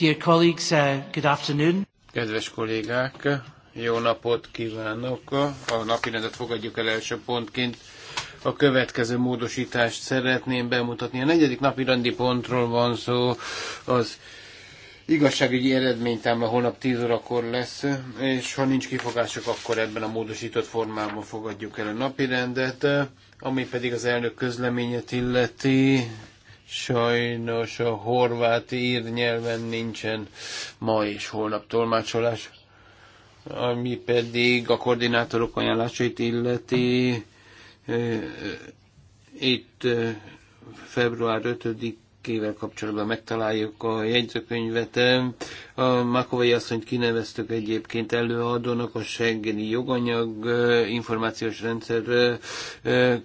Dear colleagues, uh, good afternoon. Kedves kollégák, jó napot kívánok! A napirendet fogadjuk el első pontként. A következő módosítást szeretném bemutatni. A negyedik napirendi pontról van szó, az igazságügyi eredménytámla holnap 10 órakor lesz, és ha nincs kifogások, akkor ebben a módosított formában fogadjuk el a napirendet, ami pedig az elnök közleményet illeti. Sajnos a horvát ír nyelven nincsen ma és holnap tolmácsolás, ami pedig a koordinátorok ajánlásait illeti. Itt február 5-ével kapcsolatban megtaláljuk a jegyzőkönyvet. A Makovai asszonyt kineveztük egyébként előadónak a Schengeni joganyag információs rendszer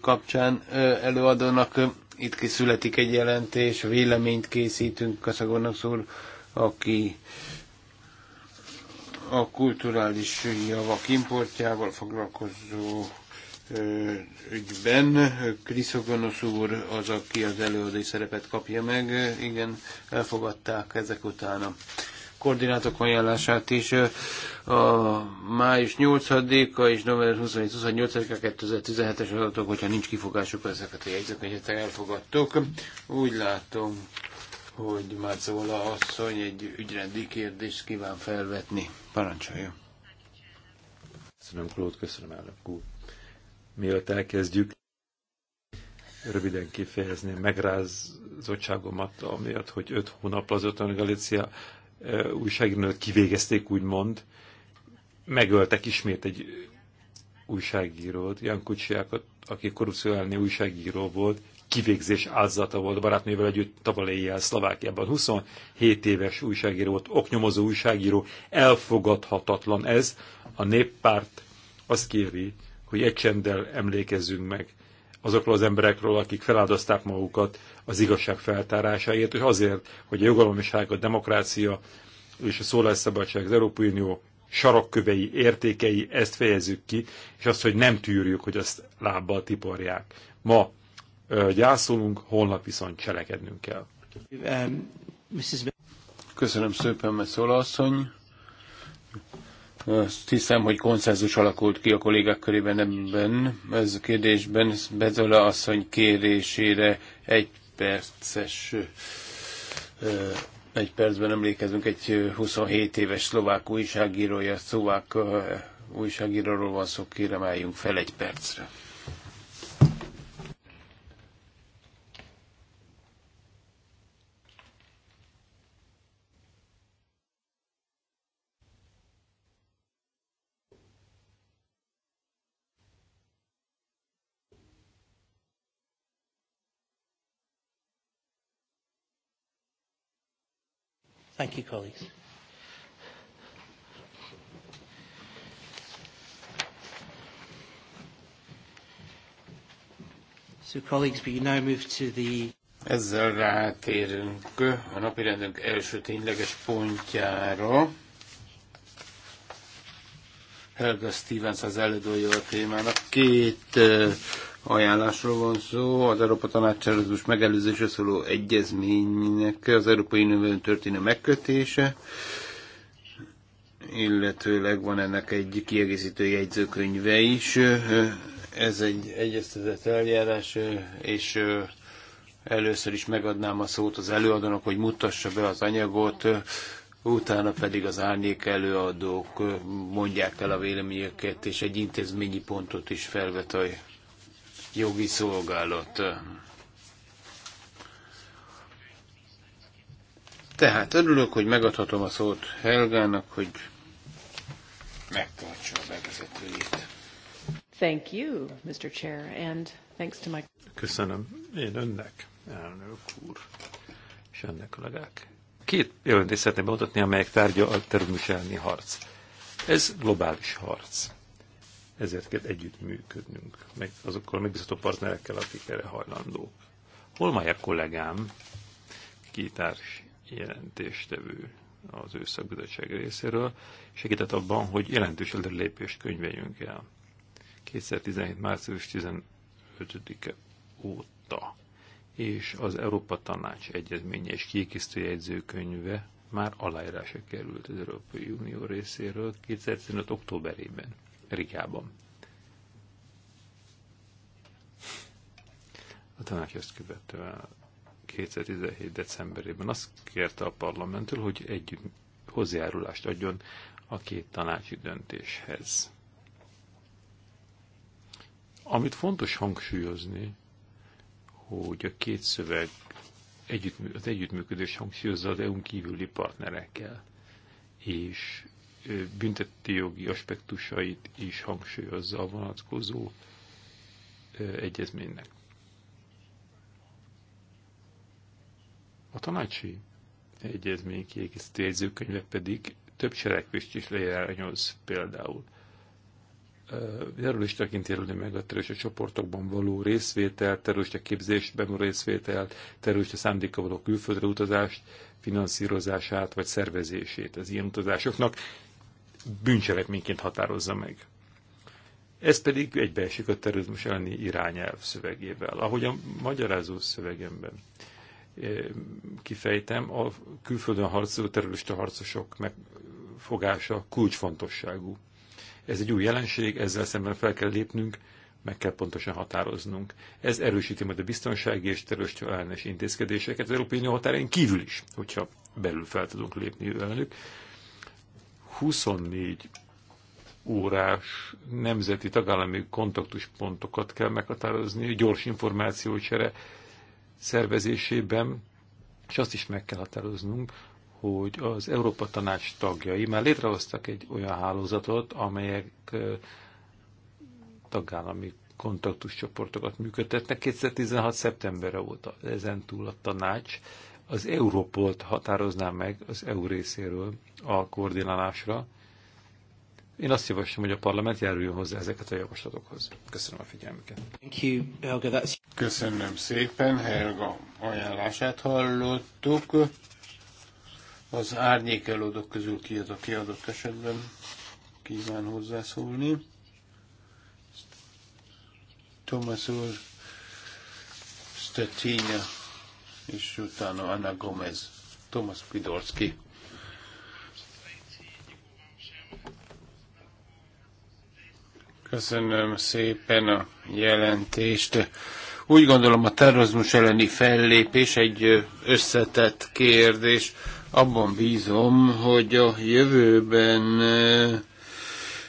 kapcsán előadónak itt születik egy jelentés, véleményt készítünk Kaszagonak úr, aki a kulturális javak importjával foglalkozó ügyben. Kriszogonosz úr az, aki az előadói szerepet kapja meg. Igen, elfogadták ezek utána koordinátok ajánlását is a május 8-a és november 28 a 2017-es adatok, hogyha nincs kifogásuk, ezeket a jegyzőkönyvet elfogadtuk. Úgy látom, hogy a asszony egy ügyrendi kérdést kíván felvetni. Parancsolja. Köszönöm, Klód, köszönöm, elnök úr. Mielőtt elkezdjük, röviden kifejezném megrázottságomat, amiatt, hogy öt hónap az a Galícia újságírónőt kivégezték, úgymond, megöltek ismét egy újságírót, Jan Kucsiákat, aki korrupció elleni újságíró volt, kivégzés áldozata volt barátnővel együtt tavaly éjjel Szlovákiában. 27 éves újságíró volt, oknyomozó újságíró, elfogadhatatlan ez. A néppárt azt kéri, hogy egy csenddel emlékezzünk meg azokról az emberekről, akik feláldozták magukat az igazság feltárásáért, és azért, hogy a jogalomiság, a demokrácia és a szólásszabadság az Európai Unió sarokkövei, értékei, ezt fejezzük ki, és azt, hogy nem tűrjük, hogy azt lábbal tiporják. Ma gyászolunk, holnap viszont cselekednünk kell. Köszönöm szépen, Messzola asszony. Azt hiszem, hogy konszenzus alakult ki a kollégák körében ebben, ez a kérdésben. Bezola asszony kérésére egy perces egy percben emlékezünk, egy 27 éves szlovák újságírója, szlovák újságíróról van szó, kérem álljunk fel egy percre. Thank you, colleagues. So, colleagues, we now move to the... Ezzel rátérünk a napi rendünk első tényleges pontjára. Helga Stevens az előadója a témának. Két uh, ajánlásról van szó, az Európa Tanács megelőzésre szóló egyezménynek az Európai Unióban történő megkötése, illetőleg van ennek egy kiegészítő jegyzőkönyve is. Ez egy egyeztetett eljárás, és először is megadnám a szót az előadónak, hogy mutassa be az anyagot, utána pedig az árnyék előadók mondják el a véleményeket, és egy intézményi pontot is felvet a jogi szolgálat. Tehát örülök, hogy megadhatom a szót Helgának, hogy megtartsa a bevezetőjét. Thank you, Mr. Chair, and thanks to my... Köszönöm én önnek, elnök úr, és önnek kollégák. Két jelentést szeretném bemutatni, amelyek tárgya a terülműselni harc. Ez globális harc ezért kell együttműködnünk, meg azokkal a megbízható partnerekkel, akik erre hajlandók. a kollégám, kitárs jelentéstevő az ő szakbizottság részéről, segített abban, hogy jelentős előrelépést könyveljünk el. 2017. március 15-e óta és az Európa Tanács egyezménye és kiegészítő jegyzőkönyve már aláírásra került az Európai Unió részéről 2015. októberében. Rigában. A tanács ezt követően 2017. decemberében azt kérte a parlamenttől, hogy együtt hozzájárulást adjon a két tanácsi döntéshez. Amit fontos hangsúlyozni, hogy a két szöveg együtt, az együttműködés hangsúlyozza az EU-n kívüli partnerekkel, és bünteti jogi aspektusait is hangsúlyozza a vonatkozó egyezménynek. A tanácsi egyezmény kiegészítő jegyzőkönyve pedig több cselekvést is lejelányoz például. Erről is tekintélni meg a terrorista csoportokban való részvételt, terrorista képzésben való részvételt, terrorista szándéka való külföldre utazást, finanszírozását vagy szervezését az ilyen utazásoknak, bűncselekményként határozza meg. Ez pedig egybeesik a terrorizmus elleni irányelv szövegével. Ahogy a magyarázó szövegemben eh, kifejtem, a külföldön harcoló terrorista harcosok megfogása kulcsfontosságú. Ez egy új jelenség, ezzel szemben fel kell lépnünk, meg kell pontosan határoznunk. Ez erősíti majd a biztonsági és terrorista ellenes intézkedéseket az Európai Unió határán kívül is, hogyha belül fel tudunk lépni ellenük. 24 órás nemzeti tagállami kontaktuspontokat kell meghatározni, gyors információcsere szervezésében, és azt is meg kell határoznunk, hogy az Európa Tanács tagjai már létrehoztak egy olyan hálózatot, amelyek tagállami kontaktuscsoportokat működtetnek 2016. szeptemberre óta. Ezen túl a tanács az Európolt határoznám meg az EU részéről a koordinálásra. Én azt javaslom, hogy a parlament járuljon hozzá ezeket a javaslatokhoz. Köszönöm a figyelmüket. Thank you, Helga. Köszönöm szépen, Helga ajánlását hallottuk. Az árnyék elődök közül ki az, aki adott esetben kíván hozzászólni. Thomas úr, Stettina és utána Anna Gomez, Thomas Pidorski. Köszönöm szépen a jelentést. Úgy gondolom a terrorizmus elleni fellépés egy összetett kérdés. Abban bízom, hogy a jövőben eh,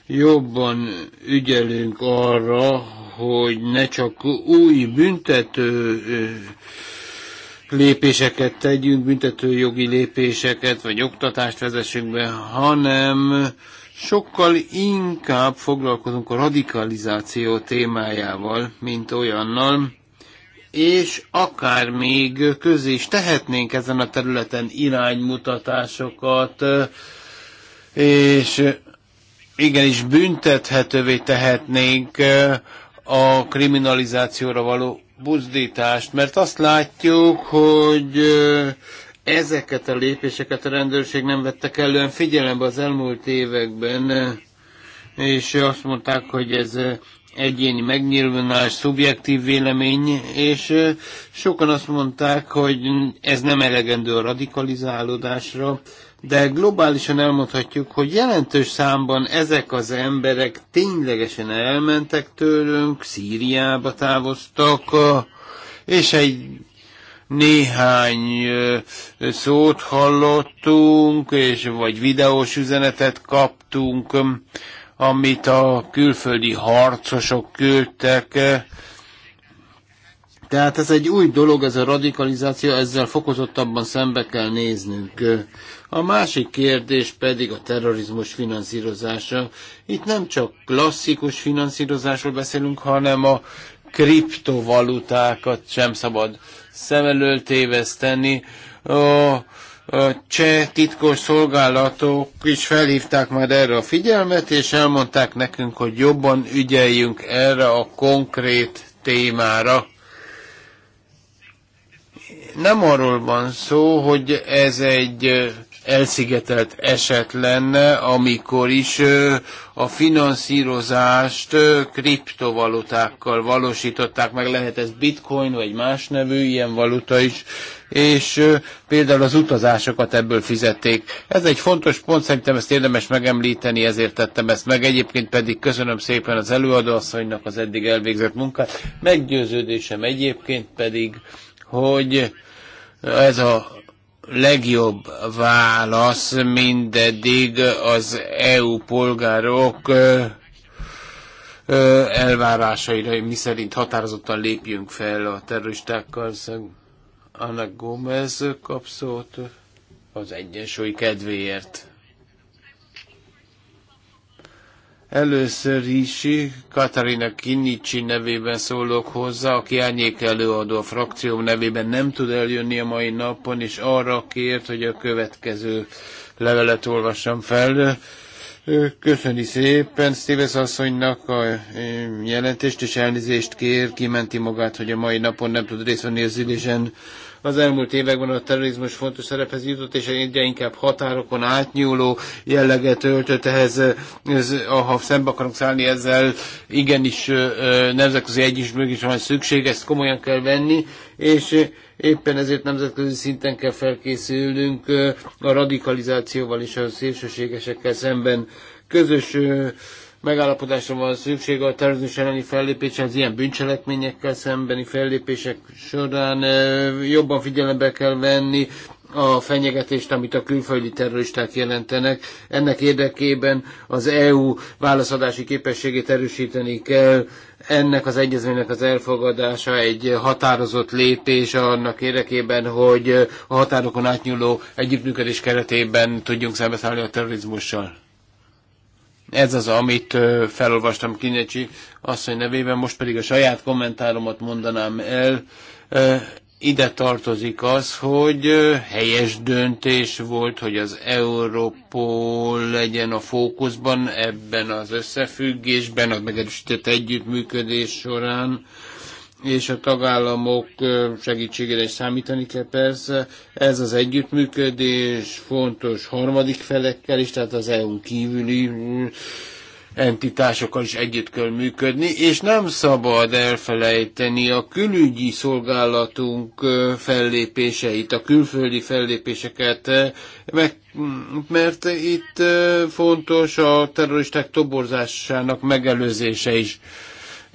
jobban ügyelünk arra, hogy ne csak új büntető eh, lépéseket tegyünk, büntetőjogi lépéseket, vagy oktatást vezessünk be, hanem sokkal inkább foglalkozunk a radikalizáció témájával, mint olyannal, és akár még közé is tehetnénk ezen a területen iránymutatásokat, és igenis büntethetővé tehetnénk a kriminalizációra való buzdítást, mert azt látjuk, hogy ezeket a lépéseket a rendőrség nem vette kellően figyelembe az elmúlt években, és azt mondták, hogy ez egyéni megnyilvánulás, szubjektív vélemény, és sokan azt mondták, hogy ez nem elegendő a radikalizálódásra, de globálisan elmondhatjuk, hogy jelentős számban ezek az emberek ténylegesen elmentek tőlünk, Szíriába távoztak, és egy néhány szót hallottunk, és vagy videós üzenetet kaptunk, amit a külföldi harcosok küldtek. Tehát ez egy új dolog, ez a radikalizáció, ezzel fokozottabban szembe kell néznünk. A másik kérdés pedig a terrorizmus finanszírozása. Itt nem csak klasszikus finanszírozásról beszélünk, hanem a kriptovalutákat sem szabad szem elől téveszteni. A a cseh titkos szolgálatok is felhívták már erre a figyelmet, és elmondták nekünk, hogy jobban ügyeljünk erre a konkrét témára. Nem arról van szó, hogy ez egy elszigetelt eset lenne, amikor is a finanszírozást kriptovalutákkal valósították meg, lehet ez bitcoin vagy más nevű ilyen valuta is, és például az utazásokat ebből fizették. Ez egy fontos pont, szerintem ezt érdemes megemlíteni, ezért tettem ezt meg. Egyébként pedig köszönöm szépen az előadóasszonynak az eddig elvégzett munkát. Meggyőződésem egyébként pedig, hogy ez a legjobb válasz mindeddig az EU polgárok elvárásaira, mi szerint határozottan lépjünk fel a terroristákkal szemben. Anna Gomez kapszót az egyensúly kedvéért. Először is Katarina Kinnicsi nevében szólok hozzá, aki árnyék előadó a frakcióm nevében nem tud eljönni a mai napon, és arra kért, hogy a következő levelet olvassam fel. Köszöni szépen Stevens asszonynak a e, jelentést, és elnézést kér, kimenti magát, hogy a mai napon nem tud részt venni az ülésen. Az elmúlt években a terrorizmus fontos szerephez jutott, és egyre inkább határokon átnyúló jelleget öltött ehhez, ez, ha szembe akarunk szállni ezzel, igenis nemzetközi egyismerők is van szükség, ezt komolyan kell venni, és éppen ezért nemzetközi szinten kell felkészülnünk a radikalizációval és a szélsőségesekkel szemben közös megállapodásra van szükség a terrorizmus elleni fellépés, az ilyen bűncselekményekkel szembeni fellépések során jobban figyelembe kell venni a fenyegetést, amit a külföldi terroristák jelentenek. Ennek érdekében az EU válaszadási képességét erősíteni kell. Ennek az egyezménynek az elfogadása egy határozott lépés annak érdekében, hogy a határokon átnyúló együttműködés keretében tudjunk szembeszállni a terrorizmussal. Ez az, amit felolvastam Kinyecsi asszony nevében, most pedig a saját kommentáromat mondanám el. Ide tartozik az, hogy helyes döntés volt, hogy az Európol legyen a fókuszban ebben az összefüggésben, a megerősített együttműködés során és a tagállamok segítségére is számítani kell persze. Ez az együttműködés fontos harmadik felekkel is, tehát az EU kívüli entitásokkal is együtt kell működni, és nem szabad elfelejteni a külügyi szolgálatunk fellépéseit, a külföldi fellépéseket, mert itt fontos a terroristák toborzásának megelőzése is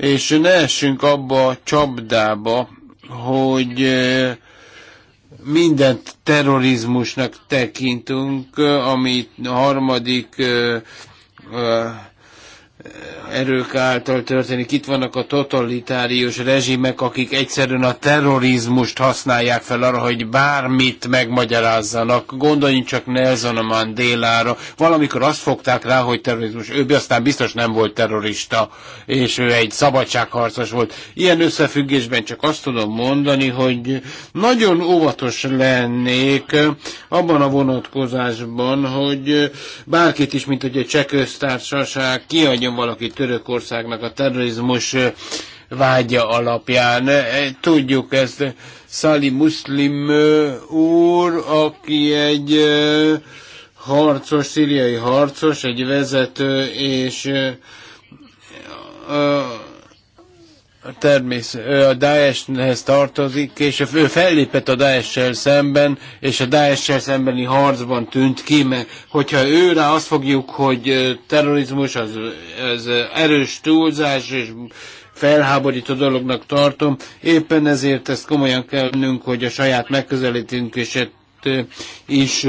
és ne essünk abba a csapdába, hogy mindent terrorizmusnak tekintünk, amit harmadik erők által történik. Itt vannak a totalitárius rezsimek, akik egyszerűen a terrorizmust használják fel arra, hogy bármit megmagyarázzanak. Gondoljunk csak Nelson a Mandélára. Valamikor azt fogták rá, hogy terrorizmus. Ő aztán biztos nem volt terrorista, és ő egy szabadságharcos volt. Ilyen összefüggésben csak azt tudom mondani, hogy nagyon óvatos lennék abban a vonatkozásban, hogy bárkit is, mint hogy a cseh kiadja kerüljön valaki Törökországnak a terrorizmus vágya alapján. E, e, tudjuk ezt. Szali Muszlim úr, aki egy harcos, szíriai harcos, egy vezető, és természet, ő a Daeshhez tartozik, és ő fellépett a daesh szemben, és a daesh szembeni harcban tűnt ki, mert hogyha őre azt fogjuk, hogy terrorizmus az, az erős túlzás, és felháborító dolognak tartom, éppen ezért ezt komolyan kell nünk, hogy a saját megközelítünk és is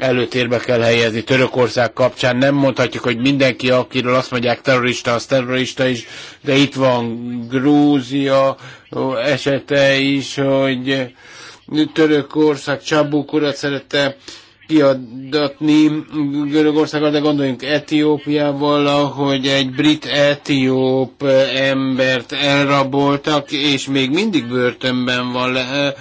előtérbe kell helyezni Törökország kapcsán. Nem mondhatjuk, hogy mindenki, akiről azt mondják terrorista, az terrorista is, de itt van Grúzia esete is, hogy Törökország Csabuk urat szerette kiadatni Görögországgal, de gondoljunk Etiópiával, ahogy egy brit-etióp embert elraboltak, és még mindig börtönben van, le,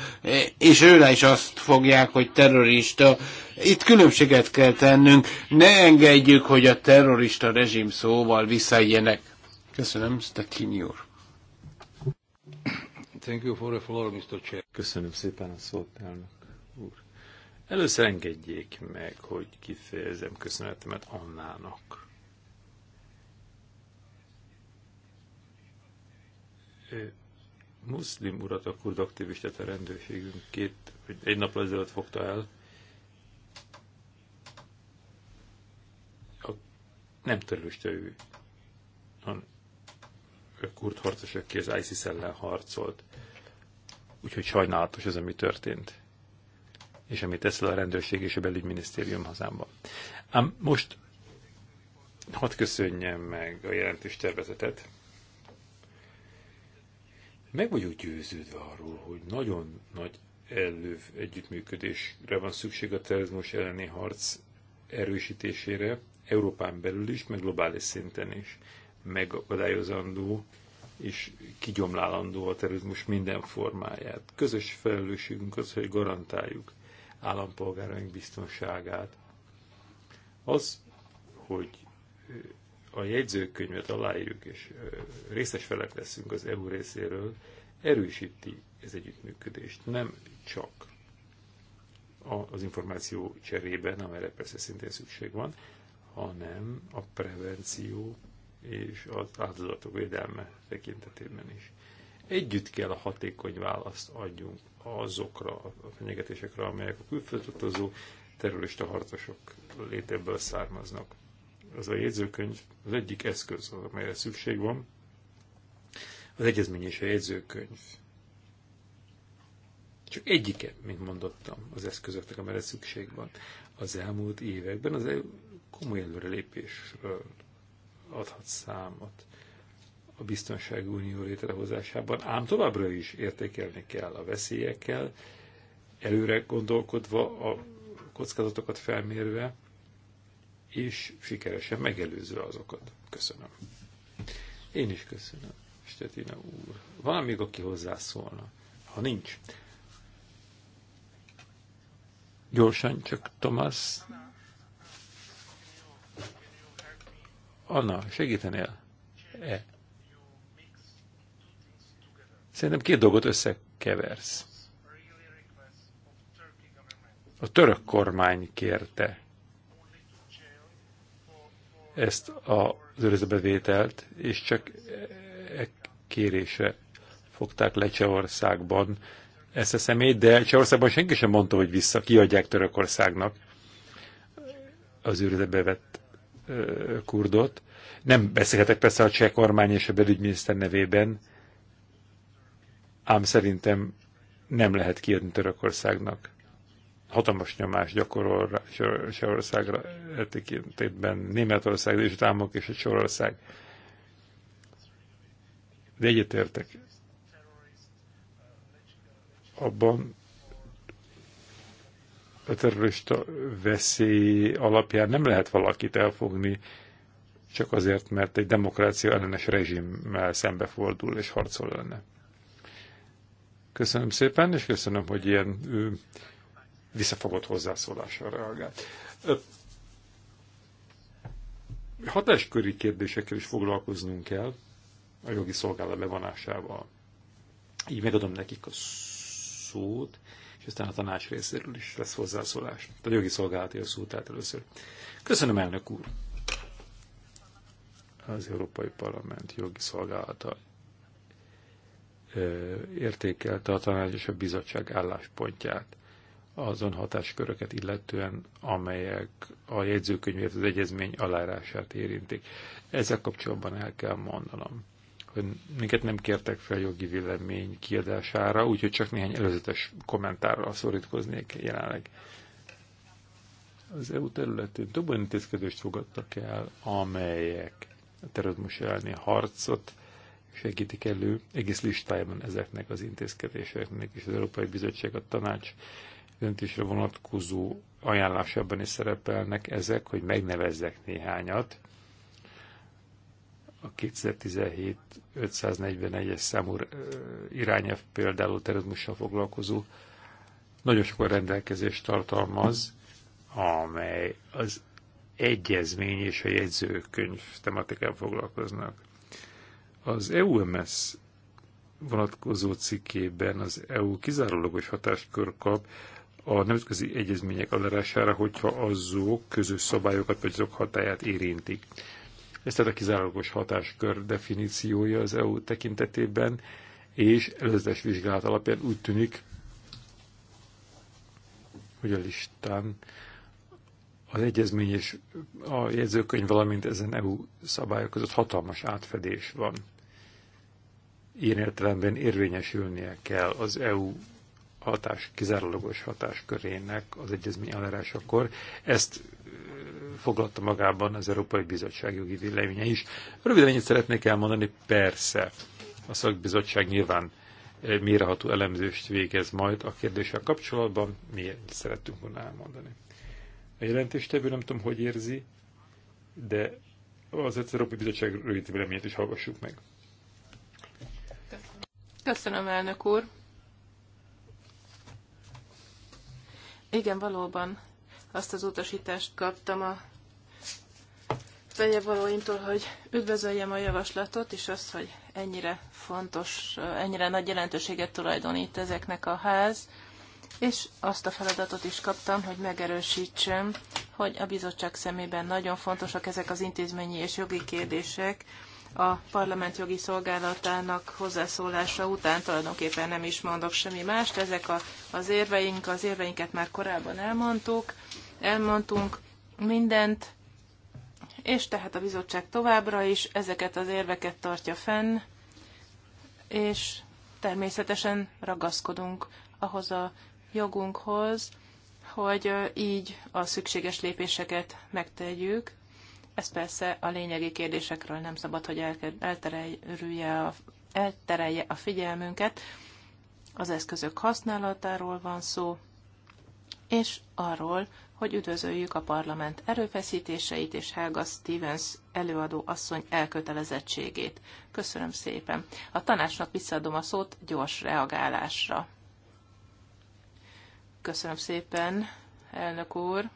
és őre is azt fogják, hogy terrorista. Itt különbséget kell tennünk, ne engedjük, hogy a terrorista rezsim szóval visszaéljenek. Köszönöm, Stettin úr. Thank you for the floor, Mr. Chair. Köszönöm szépen a szót, elnök úr. Először engedjék meg, hogy kifejezem köszönetemet Annának. Muszlim urat a kurd aktivistát a rendőrségünk két, egy nap ezelőtt fogta el, nem terülőste ő, hanem kurd harcos, aki az ISIS ellen harcolt. Úgyhogy sajnálatos az, ami történt. És amit teszel a rendőrség és a belügyminisztérium hazámban. Ám most hadd köszönjem meg a jelentős tervezetet. Meg vagyok győződve arról, hogy nagyon nagy előv együttműködésre van szükség a terrorizmus elleni harc erősítésére Európán belül is, meg globális szinten is megadályozandó és kigyomlálandó a terrorizmus minden formáját. Közös felelősségünk az, hogy garantáljuk állampolgáraink biztonságát. Az, hogy a jegyzőkönyvet aláírjuk és részes felek leszünk az EU részéről, erősíti ez együttműködést. Nem csak az információ cserében, amelyre persze szintén szükség van, hanem a prevenció és az áldozatok védelme tekintetében is. Együtt kell a hatékony választ adjunk azokra a fenyegetésekre, amelyek a külföldutazó terrorista harcosok létéből származnak. Az a jegyzőkönyv az egyik eszköz, amelyre szükség van. Az egyezmény és a jegyzőkönyv. Csak egyike, mint mondottam, az eszközöknek, amelyre szükség van. Az elmúlt években az komoly előrelépésről adhat számot a biztonsági unió létrehozásában, ám továbbra is értékelni kell a veszélyekkel, előre gondolkodva, a kockázatokat felmérve, és sikeresen megelőzve azokat. Köszönöm. Én is köszönöm, Stetina úr. Van -e még, aki hozzászólna? Ha nincs. Gyorsan csak, Tomás. Anna, segítenél? E. Szerintem két dolgot összekeversz. A török kormány kérte ezt az őrizetbevételt, és csak e kérése fogták le Csehországban ezt a személyt, de Csehországban senki sem mondta, hogy vissza kiadják Törökországnak az őrizetbe kurdot. Nem beszélhetek persze a cseh kormány és a belügyminiszter nevében, ám szerintem nem lehet kiadni Törökországnak. Hatalmas nyomás gyakorol rá, Sorországra hát Németország, és Dámok és a csehország. De egyetértek abban, a terrorista veszély alapján nem lehet valakit elfogni, csak azért, mert egy demokrácia ellenes rezsimmel szembefordul és harcol lenne. Köszönöm szépen, és köszönöm, hogy ilyen ő, visszafogott hozzászólásra reagált. Hatásköri kérdésekkel is foglalkoznunk kell a jogi szolgálat bevonásával. Így megadom nekik a szót, aztán a tanács részéről is lesz hozzászólás. A jogi szolgálati a szó, tehát először. Köszönöm, elnök úr! Az Európai Parlament jogi szolgálata értékelte a tanács és a bizottság álláspontját azon hatásköröket illetően, amelyek a jegyzőkönyv az egyezmény alárását érintik. Ezzel kapcsolatban el kell mondanom, hogy minket nem kértek fel jogi vélemény kiadására, úgyhogy csak néhány előzetes kommentárral szorítkoznék jelenleg. Az EU területén több olyan intézkedést fogadtak el, amelyek a terrorizmus elleni harcot segítik elő. Egész listájában ezeknek az intézkedéseknek és az Európai Bizottság, a tanács döntésre vonatkozó ajánlásában is szerepelnek ezek, hogy megnevezzek néhányat, a 2017 541-es számú irányelv például terrorizmussal foglalkozó nagyon sok rendelkezést tartalmaz, amely az egyezmény és a jegyzőkönyv tematikán foglalkoznak. Az EUMS vonatkozó cikkében az EU kizárólagos hatáskör kap a nemzetközi egyezmények alárására, hogyha azok közös szabályokat vagy azok hatáját érintik. Ez tehát a kizárólagos hatáskör definíciója az EU tekintetében, és előzetes vizsgálat alapján úgy tűnik, hogy a listán az egyezmény és a jegyzőkönyv, valamint ezen EU szabályok között hatalmas átfedés van. Ilyen értelemben érvényesülnie kell az EU hatás, kizárólagos hatáskörének az egyezmény alárásakor. Ezt foglalta magában az Európai Bizottság jogi véleménye is. Röviden ennyit szeretnék elmondani, persze a szakbizottság nyilván eh, méreható elemzést végez majd a kérdéssel kapcsolatban, mi szerettünk volna elmondani. A jelentéstevő nem tudom, hogy érzi, de az Európai Bizottság rövid véleményét is hallgassuk meg. Köszönöm, elnök úr. Igen, valóban azt az utasítást kaptam a Célja valóimtól, hogy üdvözöljem a javaslatot, és azt, hogy ennyire fontos, ennyire nagy jelentőséget tulajdonít ezeknek a ház, és azt a feladatot is kaptam, hogy megerősítsem, hogy a bizottság szemében nagyon fontosak ezek az intézményi és jogi kérdések, a parlament jogi szolgálatának hozzászólása után tulajdonképpen nem is mondok semmi mást. Ezek a, az érveink, az érveinket már korábban elmondtuk, elmondtunk mindent, és tehát a bizottság továbbra is ezeket az érveket tartja fenn, és természetesen ragaszkodunk ahhoz a jogunkhoz, hogy így a szükséges lépéseket megtegyük. Ez persze a lényegi kérdésekről nem szabad, hogy elterelje a, elterelje a figyelmünket. Az eszközök használatáról van szó, és arról, hogy üdvözöljük a parlament erőfeszítéseit és Helga Stevens előadó asszony elkötelezettségét. Köszönöm szépen. A tanácsnak visszaadom a szót gyors reagálásra. Köszönöm szépen, elnök úr.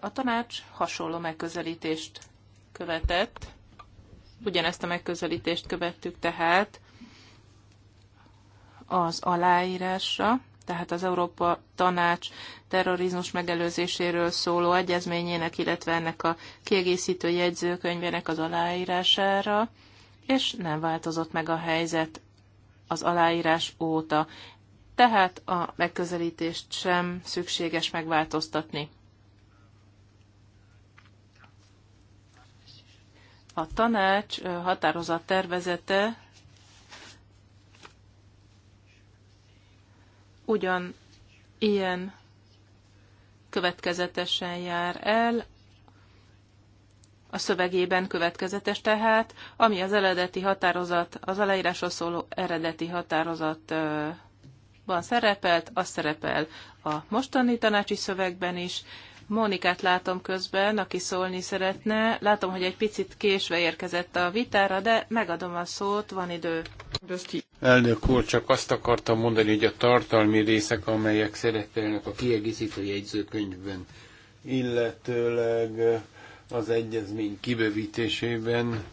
A tanács hasonló megközelítést követett. Ugyanezt a megközelítést követtük tehát, az aláírásra, tehát az Európa Tanács terrorizmus megelőzéséről szóló egyezményének, illetve ennek a kiegészítő jegyzőkönyvének az aláírására, és nem változott meg a helyzet az aláírás óta, tehát a megközelítést sem szükséges megváltoztatni. A tanács határozat tervezete ugyan ilyen következetesen jár el, a szövegében következetes tehát, ami az eredeti határozat, az aláírásról szóló eredeti határozatban szerepelt, az szerepel a mostani tanácsi szövegben is. Mónikát látom közben, aki szólni szeretne. Látom, hogy egy picit késve érkezett a vitára, de megadom a szót, van idő. Köszönöm. Elnök úr, csak azt akartam mondani, hogy a tartalmi részek, amelyek szerepelnek a kiegészítő jegyzőkönyvben, illetőleg az egyezmény kibővítésében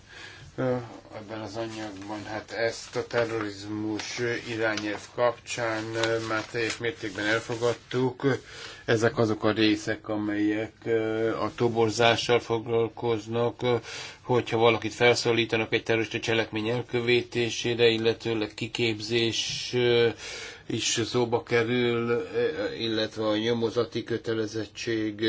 ebben az anyagban, hát ezt a terrorizmus irányelv kapcsán már teljes mértékben elfogadtuk. Ezek azok a részek, amelyek a toborzással foglalkoznak, hogyha valakit felszólítanak egy terrorista cselekmény elkövetésére, illetőleg kiképzés is szóba kerül, illetve a nyomozati kötelezettség,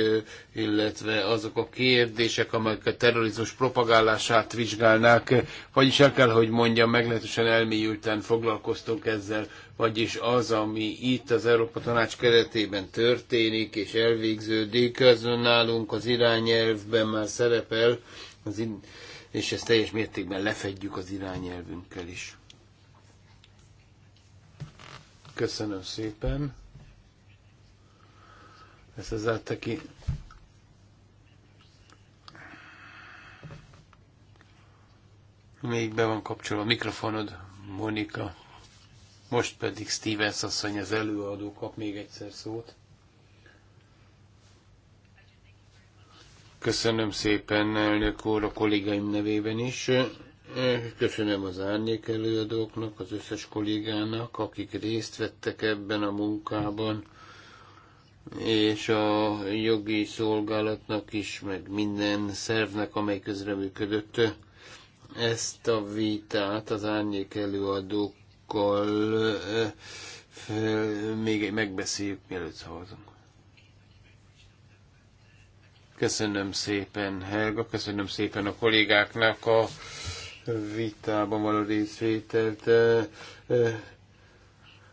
illetve azok a kérdések, amelyek a terrorizmus propagálását vizsgálnák. Vagyis el kell, hogy mondjam, meglehetősen elmélyülten foglalkoztunk ezzel, vagyis az, ami itt az Európa Tanács keretében történik és elvégződik, az nálunk az irányelvben már szerepel, az in- és ezt teljes mértékben lefedjük az irányelvünkkel is. Köszönöm szépen. Ezt az átteki... Még be van kapcsolva a mikrofonod, Monika. Most pedig Stevens asszony, az előadó kap még egyszer szót. Köszönöm szépen, elnök úr, a kollégáim nevében is. Köszönöm az árnyék előadóknak, az összes kollégának, akik részt vettek ebben a munkában, és a jogi szolgálatnak is, meg minden szervnek, amely közreműködött ezt a vitát az árnyék előadókkal még megbeszéljük, mielőtt szavazunk. Köszönöm szépen, Helga, köszönöm szépen a kollégáknak a vitában való részvételt.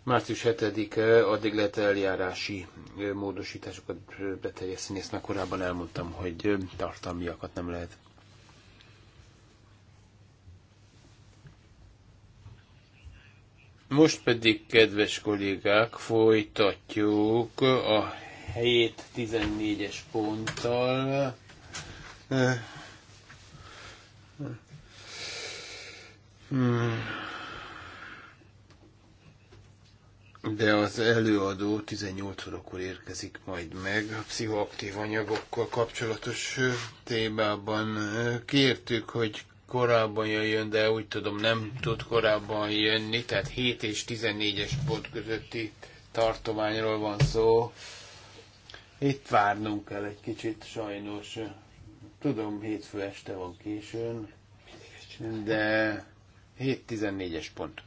Március 7-e addig lehet eljárási módosításokat beterjeszteni, ezt már korábban elmondtam, hogy tartalmiakat nem lehet. Most pedig, kedves kollégák, folytatjuk a 14 es ponttal. Hmm. De az előadó 18 órakor érkezik majd meg a pszichoaktív anyagokkal kapcsolatos témában. Kértük, hogy korábban jöjjön, de úgy tudom nem tud korábban jönni, tehát 7 és 14-es pont közötti tartományról van szó. Itt várnunk kell egy kicsit, sajnos. Tudom, hétfő este van későn, de 7.14-es pont.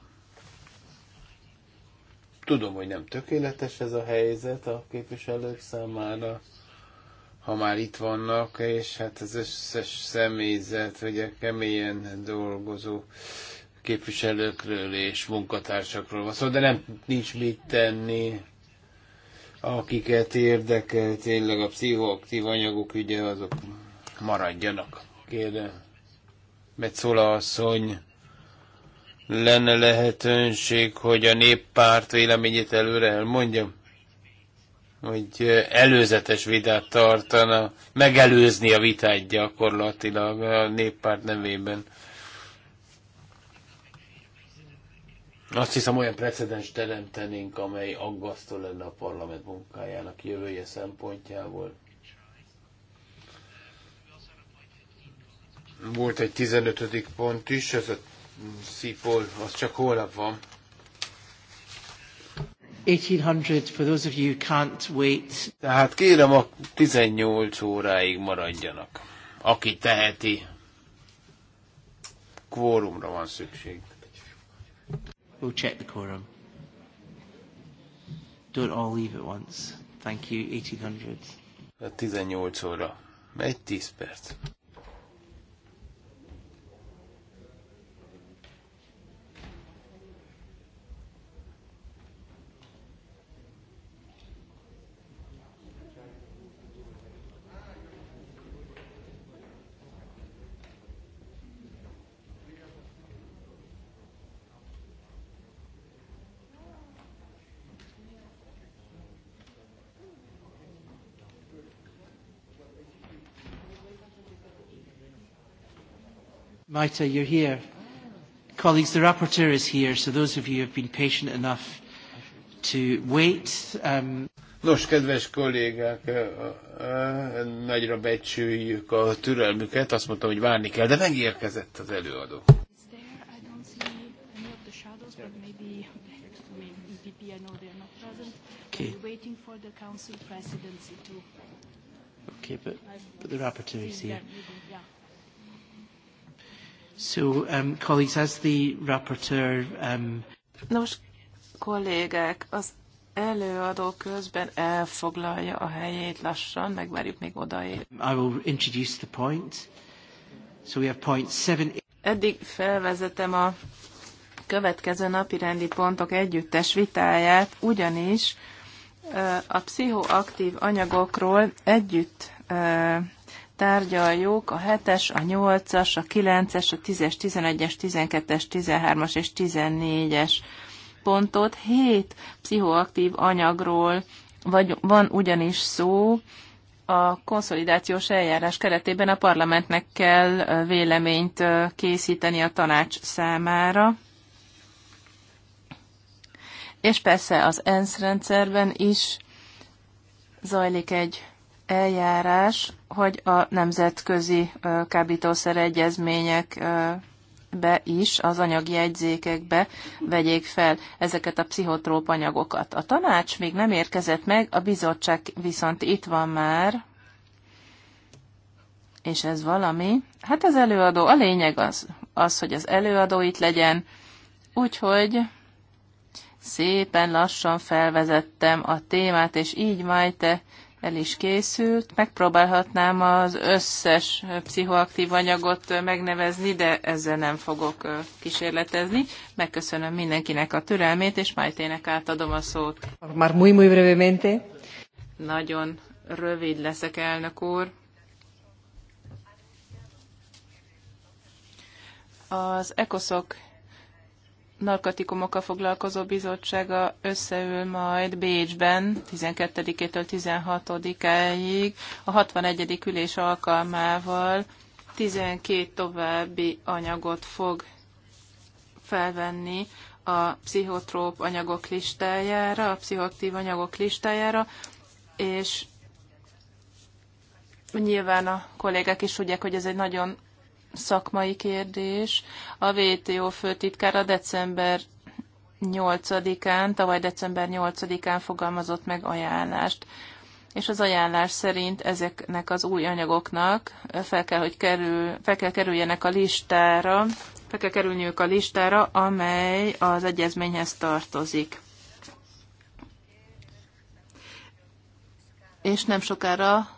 Tudom, hogy nem tökéletes ez a helyzet a képviselők számára, ha már itt vannak, és hát az összes személyzet, ugye keményen dolgozó képviselőkről és munkatársakról van szó, de nem nincs mit tenni, akiket érdekel tényleg a pszichoaktív anyagok, ugye azok maradjanak. szól a asszony, lenne lehetőség, hogy a néppárt véleményét előre elmondjam? Hogy előzetes vitát tartana, megelőzni a vitát gyakorlatilag a néppárt nevében. Azt hiszem, olyan precedens teremtenénk, amely aggasztó lenne a parlament munkájának jövője szempontjából. Volt egy 15. pont is, ez a szipol, az csak holnap van. 1800, for those of you can't wait. Tehát kérem, a 18 óráig maradjanak. Aki teheti, kvórumra van szükség. We'll check the quorum. Don't all leave at once. Thank you, 1800. A 18 óra. Egy 10 perc. Maita, you're here. Colleagues, the rapporteur is here, so those of you who have been patient enough to wait. Um... Nos, kedves kollégák, nagyra becsüljük a türelmüket. Azt mondtam, hogy várni kell, de megérkezett az előadó. E okay. waiting for the council presidency too. Okay, but, but the rapporteur is here. So, um, colleagues, as the rapporteur, um... Nos, kollégák, az előadó közben elfoglalja a helyét lassan, megvárjuk még odaér. I will introduce the point. So we have point seven... Eddig felvezetem a következő napi rendi pontok együttes vitáját, ugyanis a pszichoaktív anyagokról együtt tárgyaljuk a 7-es, a 8-as, a 9-es, a 10-es, 11-es, 12-es, 13-as és 14-es pontot. 7 pszichoaktív anyagról vagy van ugyanis szó, a konszolidációs eljárás keretében a parlamentnek kell véleményt készíteni a tanács számára. És persze az ENSZ rendszerben is zajlik egy eljárás, hogy a nemzetközi kábítószer egyezményekbe is, az anyagi jegyzékekbe vegyék fel ezeket a pszichotróp anyagokat. A tanács még nem érkezett meg, a bizottság viszont itt van már, és ez valami. Hát az előadó, a lényeg az, az, hogy az előadó itt legyen, úgyhogy szépen lassan felvezettem a témát, és így majd te el is készült. Megpróbálhatnám az összes pszichoaktív anyagot megnevezni, de ezzel nem fogok kísérletezni. Megköszönöm mindenkinek a türelmét, és Majtének átadom a szót. Már muy, muy brevemente. Nagyon rövid leszek, elnök úr. Az ECOSOC narkotikumokkal foglalkozó bizottsága összeül majd Bécsben 12-től 16 ig a 61. ülés alkalmával 12 további anyagot fog felvenni a pszichotróp anyagok listájára, a pszichoaktív anyagok listájára, és nyilván a kollégák is tudják, hogy ez egy nagyon szakmai kérdés. A WTO főtitkára december 8-án, tavaly december 8-án fogalmazott meg ajánlást. És az ajánlás szerint ezeknek az új anyagoknak fel kell, hogy kerül, fel kell kerüljenek a listára, fel kell kerülniük a listára, amely az egyezményhez tartozik. És nem sokára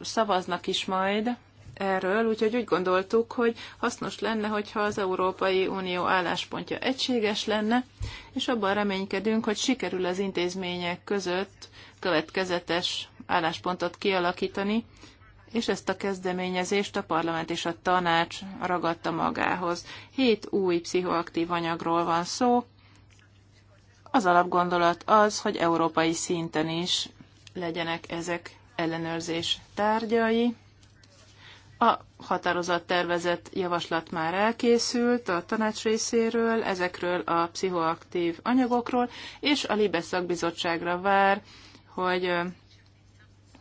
szavaznak is majd erről, úgyhogy úgy gondoltuk, hogy hasznos lenne, hogyha az Európai Unió álláspontja egységes lenne, és abban reménykedünk, hogy sikerül az intézmények között következetes álláspontot kialakítani, és ezt a kezdeményezést a parlament és a tanács ragadta magához. Hét új pszichoaktív anyagról van szó. Az alapgondolat az, hogy európai szinten is legyenek ezek ellenőrzés tárgyai határozattervezett javaslat már elkészült a tanács részéről, ezekről a pszichoaktív anyagokról, és a Libes szakbizottságra vár, hogy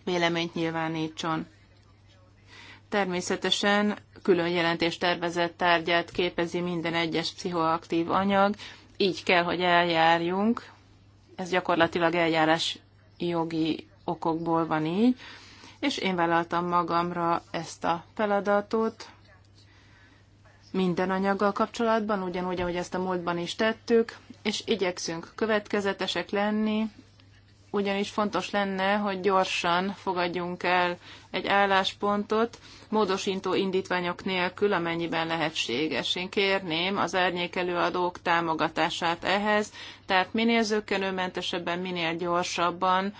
véleményt nyilvánítson. Természetesen külön jelentés tervezett tárgyát képezi minden egyes pszichoaktív anyag, így kell, hogy eljárjunk. Ez gyakorlatilag eljárás jogi okokból van így és én vállaltam magamra ezt a feladatot minden anyaggal kapcsolatban, ugyanúgy, ahogy ezt a múltban is tettük, és igyekszünk következetesek lenni, ugyanis fontos lenne, hogy gyorsan fogadjunk el egy álláspontot, módosító indítványok nélkül, amennyiben lehetséges. Én kérném az árnyékelőadók támogatását ehhez, tehát minél zöggenőmentesebben, minél gyorsabban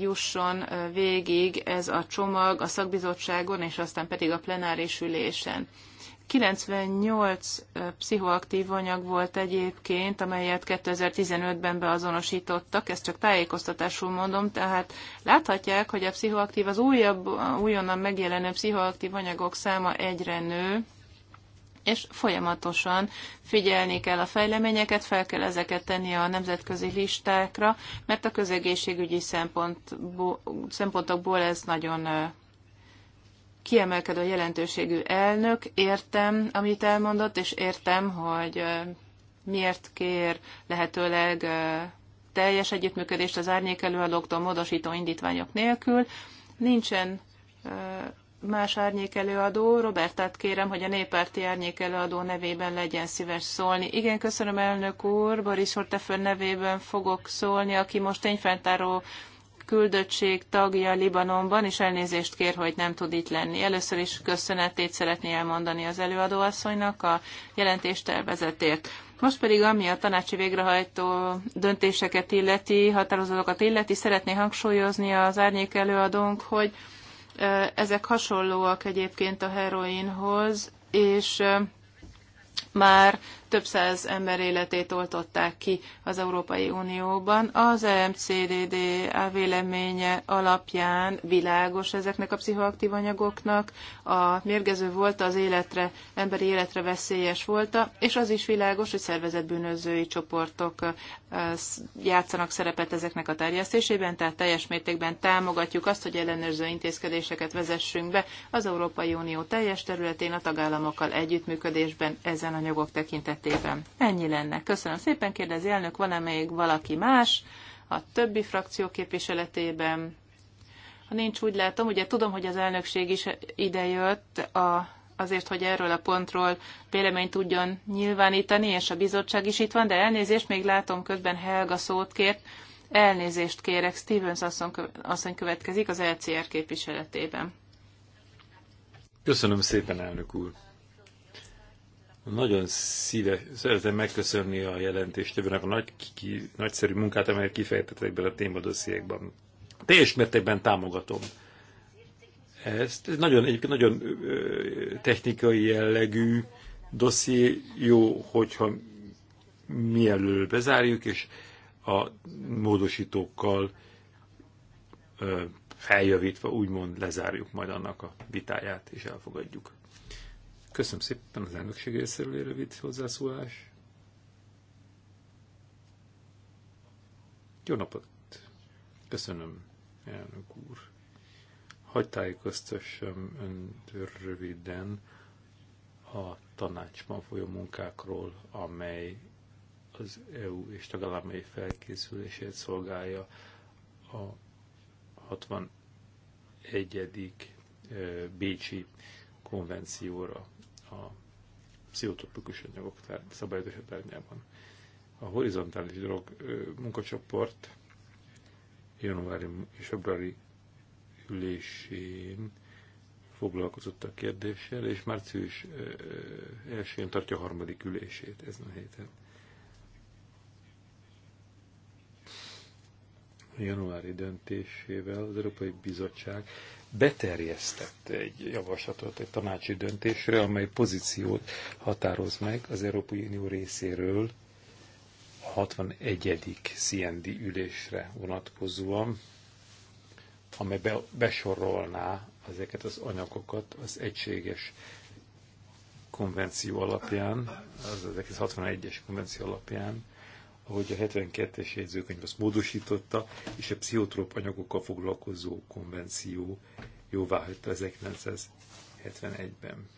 jusson végig ez a csomag a szakbizottságon, és aztán pedig a plenáris ülésen. 98 pszichoaktív anyag volt egyébként, amelyet 2015-ben beazonosítottak, ezt csak tájékoztatásul mondom, tehát láthatják, hogy a pszichoaktív, az újabb, újonnan megjelenő pszichoaktív anyagok száma egyre nő, és folyamatosan figyelni kell a fejleményeket, fel kell ezeket tenni a nemzetközi listákra, mert a közegészségügyi szempontból, szempontokból ez nagyon kiemelkedő jelentőségű elnök. Értem, amit elmondott, és értem, hogy miért kér lehetőleg teljes együttműködést az árnyék előadóktól módosító indítványok nélkül. Nincsen más árnyék előadó. Robertát kérem, hogy a néppárti árnyék előadó nevében legyen szíves szólni. Igen, köszönöm elnök úr, Boris Hortefön nevében fogok szólni, aki most tényfeltáró küldöttség tagja Libanonban, és elnézést kér, hogy nem tud itt lenni. Először is köszönetét szeretné elmondani az előadóasszonynak a jelentéstervezetért. Most pedig, ami a tanácsi végrehajtó döntéseket illeti, határozatokat illeti, szeretné hangsúlyozni az árnyék előadónk, hogy Eh, ezek hasonlóak egyébként a heroinhoz, és eh, már több száz ember életét oltották ki az Európai Unióban. Az EMCDD véleménye alapján világos ezeknek a pszichoaktív anyagoknak, a mérgező volt az életre, emberi életre veszélyes volt, és az is világos, hogy szervezetbűnözői csoportok játszanak szerepet ezeknek a terjesztésében, tehát teljes mértékben támogatjuk azt, hogy ellenőrző intézkedéseket vezessünk be az Európai Unió teljes területén a tagállamokkal együttműködésben ezen anyagok tekintetében esetében. Ennyi lenne. Köszönöm szépen, kérdezi elnök, van-e még valaki más a többi frakció képviseletében? Ha nincs, úgy látom, ugye tudom, hogy az elnökség is idejött a azért, hogy erről a pontról véleményt tudjon nyilvánítani, és a bizottság is itt van, de elnézést, még látom közben Helga szót kért. Elnézést kérek, Stevens asszony következik az LCR képviseletében. Köszönöm szépen, elnök úr. Nagyon szíve, szeretném megköszönni a jelentést, a nagy, ki, nagyszerű munkát, amelyet kifejtettek bele a témadossziékban. Teljes mértékben támogatom ezt. Ez nagyon, egyébként nagyon ö, technikai jellegű dosszié, jó, hogyha mielőtt bezárjuk, és a módosítókkal ö, feljavítva úgymond lezárjuk majd annak a vitáját, és elfogadjuk. Köszönöm szépen az elnökség részéről rövid hozzászólás. Jó napot! Köszönöm, elnök úr. Hagy tájékoztassam önt röviden a tanácsban folyó munkákról, amely az EU és tagállamai felkészülését szolgálja a 61. Eh, Bécsi konvencióra a pszichotropikus anyagok szabályozása tárgyában. A horizontális drog munkacsoport januári és februári ülésén foglalkozott a kérdéssel, és március 1-én tartja a harmadik ülését ezen a héten. januári döntésével az Európai Bizottság beterjesztett egy javaslatot egy tanácsi döntésre, amely pozíciót határoz meg az Európai Unió részéről a 61. CND ülésre vonatkozóan, amely be, besorolná ezeket az anyagokat az egységes konvenció alapján, az 61 es konvenció alapján, hogy a 72-es jegyzőkönyv azt módosította, és a pszichotróp anyagokkal foglalkozó konvenció hagyta 1971-ben.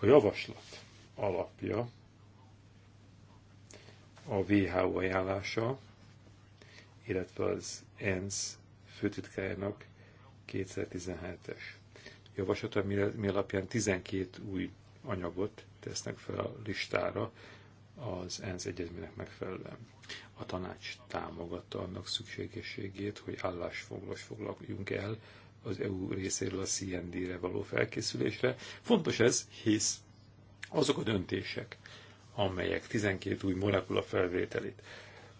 A javaslat alapja a WHO ajánlása, illetve az ENSZ főtitkájának 2017-es javaslata, mi alapján 12 új anyagot tesznek fel a listára, az ENSZ egyezménynek megfelelően. A tanács támogatta annak szükségességét, hogy állásfoglalás foglaljunk el az EU részéről a CND-re való felkészülésre. Fontos ez, hisz azok a döntések, amelyek 12 új molekula felvételét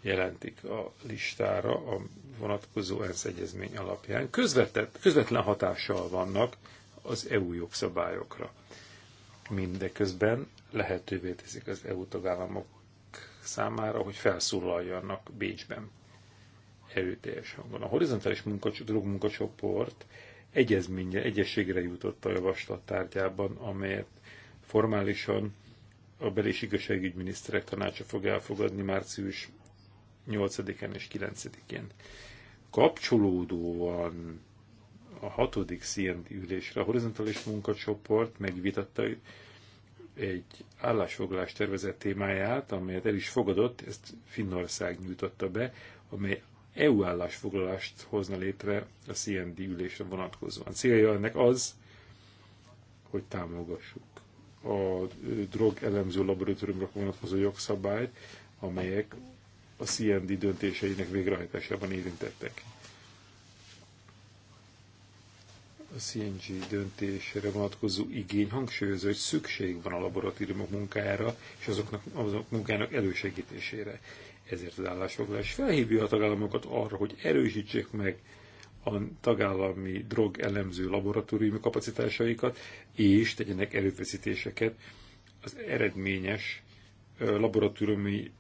jelentik a listára a vonatkozó ENSZ egyezmény alapján, közvetett, közvetlen hatással vannak az EU jogszabályokra. Mindeközben lehetővé teszik az EU tagállamok számára, hogy felszólaljanak Bécsben erőteljes hangon. A horizontális drogmunkacsoport egyezménye, egyességre jutott a javaslat tárgyában, amelyet formálisan a bel- és igazságügyminiszterek tanácsa fog elfogadni március 8 en és 9-én. Kapcsolódóan a hatodik CMD ülésre a horizontális munkacsoport megvitatta egy állásfoglalás tervezett témáját, amelyet el is fogadott, ezt Finnország nyújtotta be, amely EU állásfoglalást hozna létre a CND ülésre vonatkozóan. Célja ennek az, hogy támogassuk a drog elemző laboratóriumra vonatkozó jogszabályt, amelyek a CND döntéseinek végrehajtásában érintettek. a CNG döntésre vonatkozó igény hangsúlyozó, hogy szükség van a laboratóriumok munkájára és azoknak, azok munkának elősegítésére. Ezért az állásfoglalás felhívja a tagállamokat arra, hogy erősítsék meg a tagállami drog elemző laboratóriumi kapacitásaikat, és tegyenek erőfeszítéseket az eredményes laboratóriumi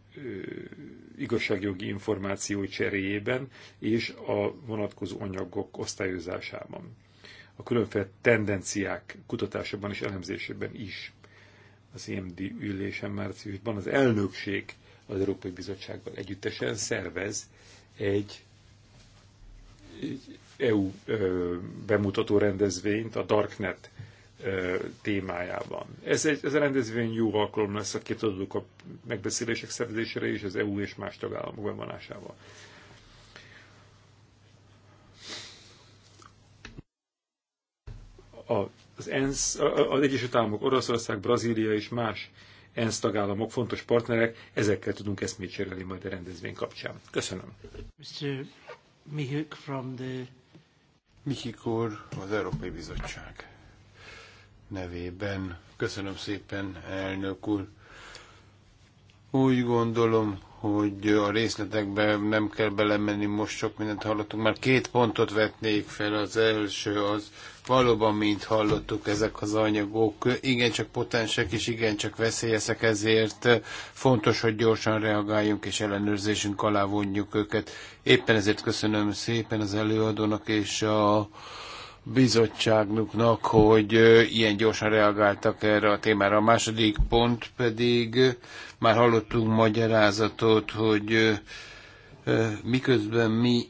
igazságjogi információ cseréjében és a vonatkozó anyagok osztályozásában a különféle tendenciák kutatásában és elemzésében is. Az EMD ülésen márciusban az elnökség az Európai Bizottságban együttesen szervez egy, egy EU ö, bemutató rendezvényt a Darknet ö, témájában. Ez, egy, ez a rendezvény jó alkalom lesz a két a megbeszélések szervezésére és az EU és más tagállamok bevonásával. az, ENSZ, az Egyesült Államok, Oroszország, Brazília és más ENSZ tagállamok, fontos partnerek, ezekkel tudunk eszmét cserélni majd a rendezvény kapcsán. Köszönöm. Mr. Mihik from the... Mihik úr, az Európai Bizottság nevében. Köszönöm szépen, elnök úr. Úgy gondolom, hogy a részletekben nem kell belemenni, most sok mindent hallottunk. Már két pontot vetnék fel, az első az valóban, mint hallottuk, ezek az anyagok igencsak potensek és igencsak veszélyesek, ezért fontos, hogy gyorsan reagáljunk és ellenőrzésünk alá vonjuk őket. Éppen ezért köszönöm szépen az előadónak és a bizottságnuknak, hogy ilyen gyorsan reagáltak erre a témára. A második pont pedig már hallottunk magyarázatot, hogy miközben mi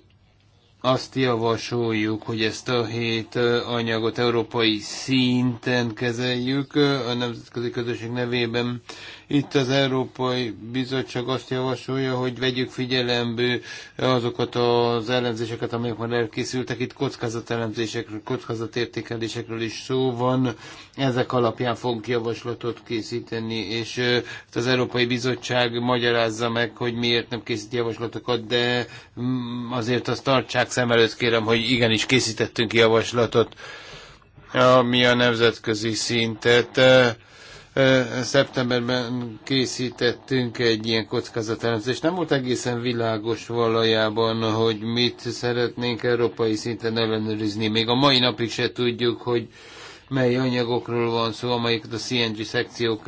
azt javasoljuk, hogy ezt a hét anyagot európai szinten kezeljük a nemzetközi közösség nevében. Itt az Európai Bizottság azt javasolja, hogy vegyük figyelembe azokat az elemzéseket, amelyek már elkészültek. Itt kockázatelemzésekről, kockázatértékelésekről is szó van. Ezek alapján fogunk javaslatot készíteni, és az Európai Bizottság magyarázza meg, hogy miért nem készít javaslatokat, de mm, azért azt tartsák szem előtt kérem, hogy igenis készítettünk javaslatot, ami a nemzetközi szintet. Eh, eh, szeptemberben készítettünk egy ilyen kockázatelemzést. Nem volt egészen világos valójában, hogy mit szeretnénk európai szinten ellenőrizni. Még a mai napig se tudjuk, hogy mely anyagokról van szó, amelyeket a CNG szekció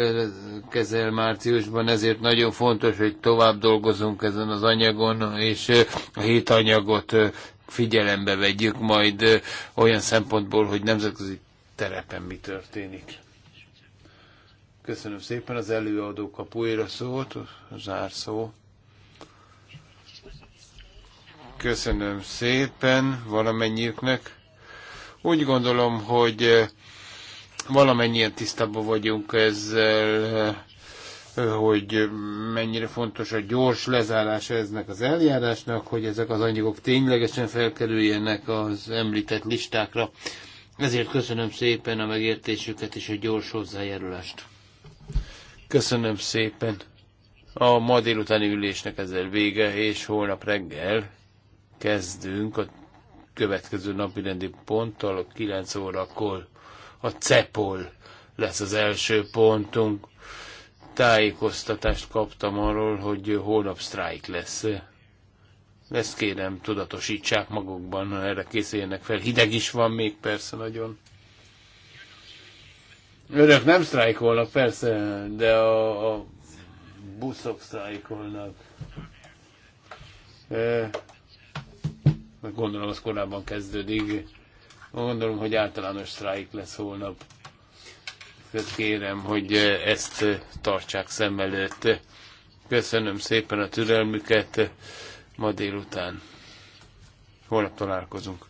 kezel márciusban, ezért nagyon fontos, hogy tovább dolgozunk ezen az anyagon, és eh, a hét anyagot figyelembe vegyük majd olyan szempontból, hogy nemzetközi terepen mi történik. Köszönöm szépen az előadó kap újra szót, zárszó. Köszönöm szépen valamennyiüknek. Úgy gondolom, hogy valamennyien tisztában vagyunk ezzel, hogy mennyire fontos a gyors lezárása eznek az eljárásnak, hogy ezek az anyagok ténylegesen felkerüljenek az említett listákra. Ezért köszönöm szépen a megértésüket és a gyors hozzájárulást. Köszönöm szépen. A ma délutáni ülésnek ezzel vége, és holnap reggel kezdünk a következő napi rendi ponttal, 9 órakor a CEPOL lesz az első pontunk tájékoztatást kaptam arról, hogy holnap sztrájk lesz. Ezt kérem, tudatosítsák magukban, erre készüljenek fel. Hideg is van még persze nagyon. Önök nem sztrájkolnak, persze, de a, a buszok sztrájkolnak. E, gondolom, az korábban kezdődik. Gondolom, hogy általános sztrájk lesz holnap önököt kérem, hogy ezt tartsák szem előtt. Köszönöm szépen a türelmüket ma délután. Holnap találkozunk.